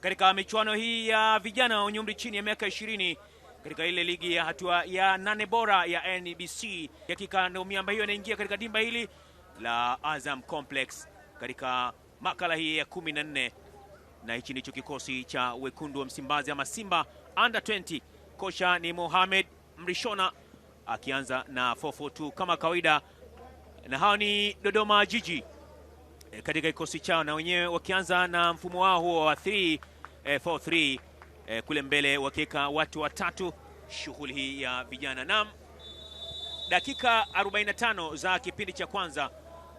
katika michuano hii ya vijana wenye umri chini ya miaka ishirini katika ile ligi ya hatua ya nane bora ya NBC ya miamba hiyo inaingia katika dimba hili la Azam Complex katika makala hii ya kumi na nne na hichi ndicho kikosi cha wekundu wa Msimbazi ama Simba under 20. Kocha ni Mohamed Mrishona akianza na 442 kama kawaida, na hao ni Dodoma Jiji e, katika kikosi chao na wenyewe wakianza na mfumo wao huo wa 3 4-3 e, kule mbele wakiweka watu watatu. Shughuli hii ya vijana nam dakika 45 za kipindi cha kwanza.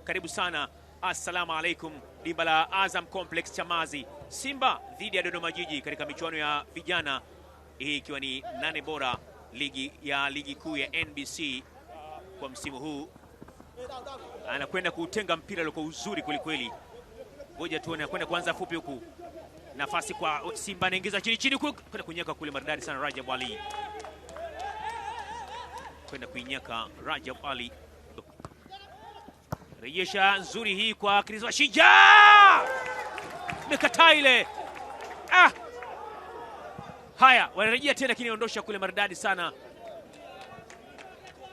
Karibu sana, assalamu alaikum. Dimba la Azam Complex Chamazi, Simba dhidi ya Dodoma Jiji katika michuano ya vijana hii ikiwa ni nane bora ligi ya ligi kuu ya NBC kwa msimu huu anakwenda kuutenga mpira uliokuwa uzuri kwelikweli. Ngoja tuone, anakwenda kuanza fupi huku, nafasi kwa Simba, anaingiza chini chini, kwenda kunyeka kule, maridadi sana Rajab Ali, kwenda kuinyaka Rajab Ali, rejesha nzuri hii kwa Krizwa Shija, mekataa ile. Ah, haya wanarejea tena, lakini ondosha kule, maridadi sana.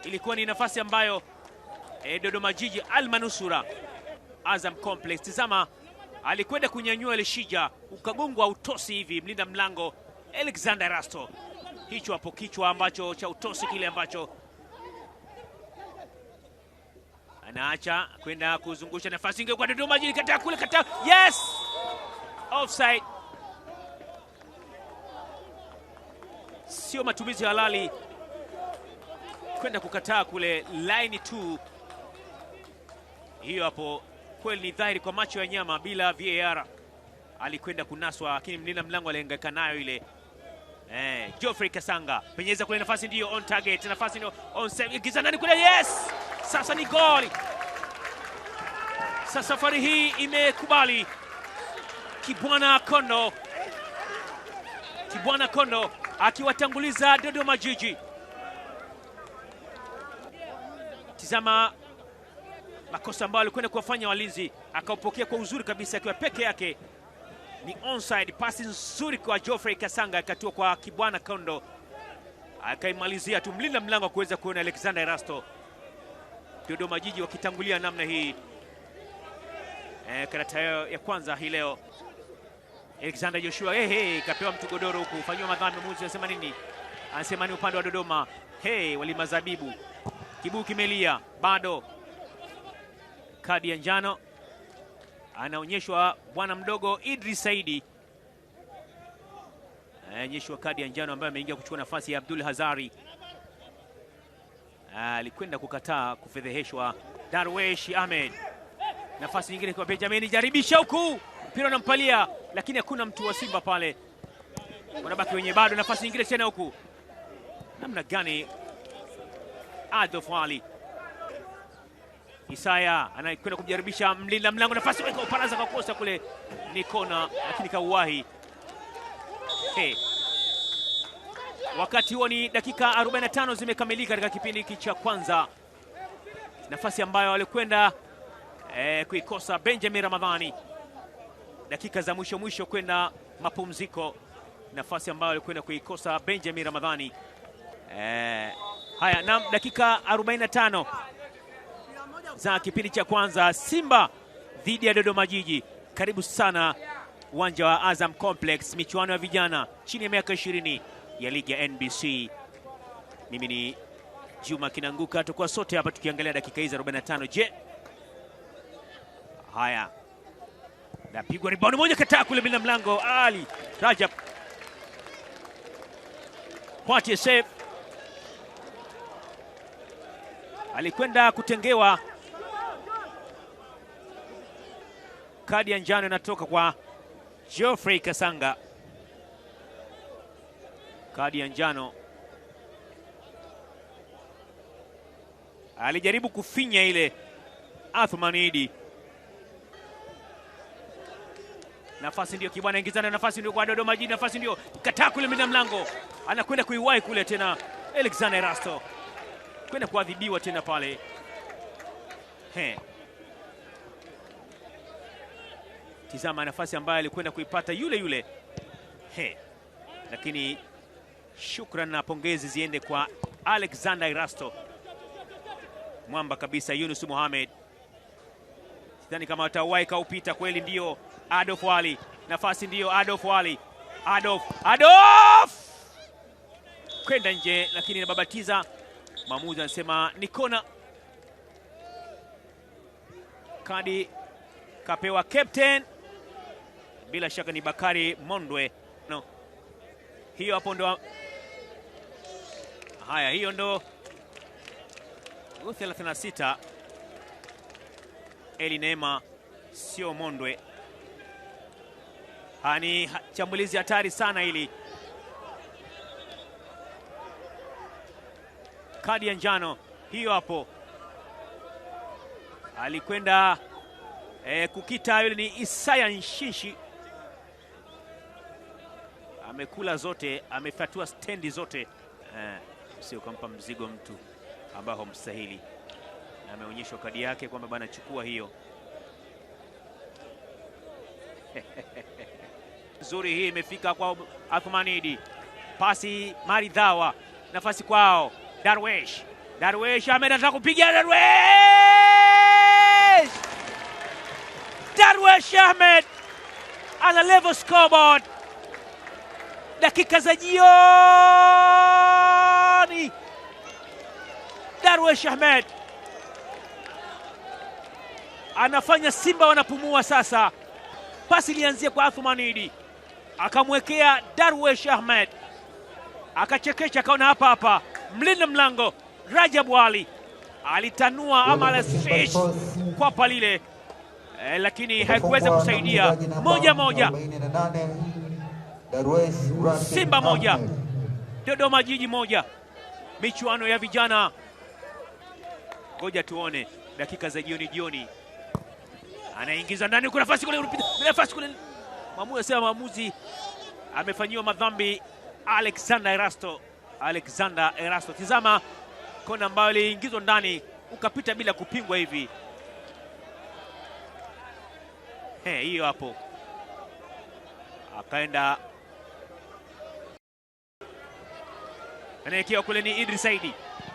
Ilikuwa ni nafasi ambayo e, Dodoma Jiji Almanusura Azam Complex. Tizama, alikwenda kunyanyua ile shija ukagongwa utosi hivi, mlinda mlango Alexander Rasto, hicho hapo kichwa ambacho cha utosi kile ambacho anaacha kwenda kuzungusha nafasi inge kwa Dodoma Jiji, kataa kule, kataa, yes, offside. Sio matumizi halali kwenda kukataa kule, line hiyo hapo kweli ni dhahiri kwa macho ya nyama, bila VAR alikwenda kunaswa, lakini mlinda mlango alihangaika nayo ile. Eh, Geoffrey Kasanga penyeza kule, nafasi ndiyo on target, nafasi ndio on save, ingiza ndani kule, yes! Sasa ni goli. Sasa safari hii imekubali Kibwana Kondo, Kibwana Kondo akiwatanguliza Dodoma Jiji. Tizama makosa ambayo alikwenda kuwafanya walinzi, akaupokea kwa uzuri kabisa akiwa peke yake. Ni onside, pasi nzuri kwa Geoffrey Kasanga, akatua kwa Kibwana Kondo, akaimalizia tu mlinda mlango kuweza kuona. Alexander Erasto, Dodoma Jiji wakitangulia namna hii. E, karata yao ya kwanza hii leo Alexander Joshua hey, hey, kapewa mtu godoro huku fanyiwa madhambi. Mwamuzi anasema nini? Anasema ni upande wa Dodoma. Hey, walima zabibu, kimelia bado kadi ya njano anaonyeshwa bwana mdogo Idris Saidi, anaonyeshwa kadi ya njano ambaye ameingia kuchukua nafasi ya Abdul Hazari. Alikwenda kukataa kufedheheshwa. Darwesh Ahmed, nafasi nyingine kwa Benjamin jaribisha huku mpira unampalia lakini hakuna mtu wa Simba pale, wanabaki wenye bado nafasi nyingine tena huku. Namna gani Adolf Ali Isaya anakwenda kumjaribisha mlinda mlango, nafasi weka uparaza kwa kosa kule, ni kona, lakini kauwahi. Hey. Wakati huo ni dakika 45 zimekamilika katika kipindi hiki cha kwanza, nafasi ambayo walikwenda eh, kuikosa Benjamin Ramadhani dakika za mwisho mwisho kwenda mapumziko, nafasi ambayo alikwenda kuikosa Benjamin Ramadhani eh, haya na dakika 45 za kipindi cha kwanza, Simba dhidi ya Dodoma Jiji. Karibu sana uwanja wa Azam Complex, michuano ya vijana chini ya miaka 20 ya ligi ya NBC. Mimi ni Juma Kinanguka, tukuwa sote hapa tukiangalia dakika hizi 45. Je, haya napigwa ribaundi moja kataa kule bila mlango. Ali Rajab Kwate save, alikwenda kutengewa kadi ya njano inatoka kwa Geoffrey Kasanga, kadi ya njano. Alijaribu kufinya ile Athman Idi nafasi ndio kibwana, ingizana nafasi ndio kwa Dodoma Jiji, nafasi ndio kataa kule mlinda mlango, anakwenda kuiwahi kule tena. Alexander Erasto kwenda kuadhibiwa tena pale he. akitizama nafasi ambayo alikwenda kuipata yule yule He. Lakini shukran na pongezi ziende kwa Alexander Erasto, mwamba kabisa Yunus Mohamed. Sidhani kama watawahi kaupita kweli. ndio Adolf Wali, nafasi ndio Adolf Wali, Adolf, Adolf kwenda nje, lakini nababatiza Mwamuzi anasema ni kona. Kadi kapewa captain bila shaka ni Bakari Mondwe no. hiyo hapo ndo haya, hiyo ndo 36 Eli Neema, sio Mondwe. ni shambulizi hatari sana hili. Kadi ya njano hiyo hapo, alikwenda eh, kukita. Yule ni Isaya nshishi amekula zote, amefatua stendi zote eh, sio kampa mzigo mtu ambao hamstahili, ameonyeshwa kadi yake kwamba bana, chukua hiyo nzuri hii imefika kwa Athmanidi, pasi maridhawa, nafasi kwao Darwesh. Darwesh Ahmed anataka kupiga Darwesh, Darwesh Ahmed ana level scoreboard dakika za jioni. Darwesh Ahmed anafanya Simba wanapumua sasa. Pasi ilianzia kwa athmanidi Idi, akamwekea Darwesh Ahmed akachekecha, akaona hapa hapa. Mlinda mlango Rajabu Ali alitanua ama alasish kwapa lile eh, lakini haikuweza kusaidia moja moja. Simba moja, Dodoma Jiji moja, michuano ya vijana. Ngoja tuone dakika za jioni. Jioni anaingiza ndani, kuna nafasi kule, nafasi kule. Mwamuzi asema mwamuzi amefanyiwa madhambi Alexander Erasto, Alexander Erasto. Tizama kona ambayo iliingizwa ndani ukapita bila kupingwa hivi. He, hiyo hapo akaenda anaekewa kule ni Idris Saidi,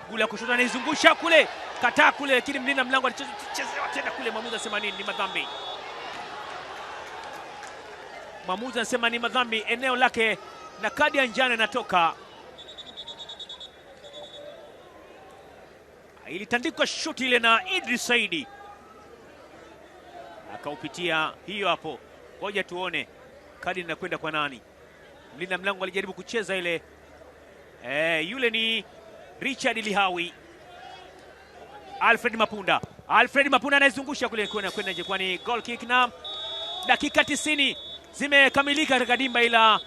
gula kushoto anaizungusha kule, kataa kule, lakini mlinda mlango alichezewa tena kule. Mwamuzi anasema nini? Ni madhambi. Mwamuzi anasema ni madhambi, eneo lake na kadi ya njano inatoka. Ilitandikwa shuti ile na Idris Saidi akaupitia, hiyo hapo. Ngoja tuone kadi inakwenda kwa nani. Mlinda mlango alijaribu kucheza ile E, yule ni Richard Lihawi. Alfred Mapunda, Alfred Mapunda anayezungusha kule kwenda nje, kwani goal kick, na dakika 90 zimekamilika katika dimba ila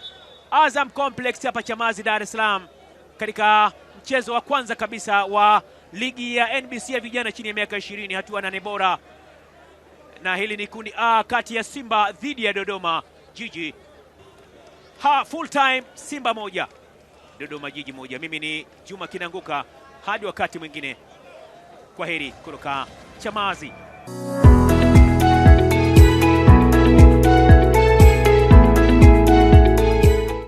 Azam Complex hapa Chamazi, Dar es Salaam, katika mchezo wa kwanza kabisa wa ligi ya NBC ya vijana chini ya miaka 20 hatua nane bora, na hili ni kundi A kati ya Simba dhidi ya Dodoma Jiji. Ha, full time Simba moja Dodoma Jiji moja. Mimi ni Juma Kinanguka, hadi wakati mwingine, kwa heri kutoka Chamazi.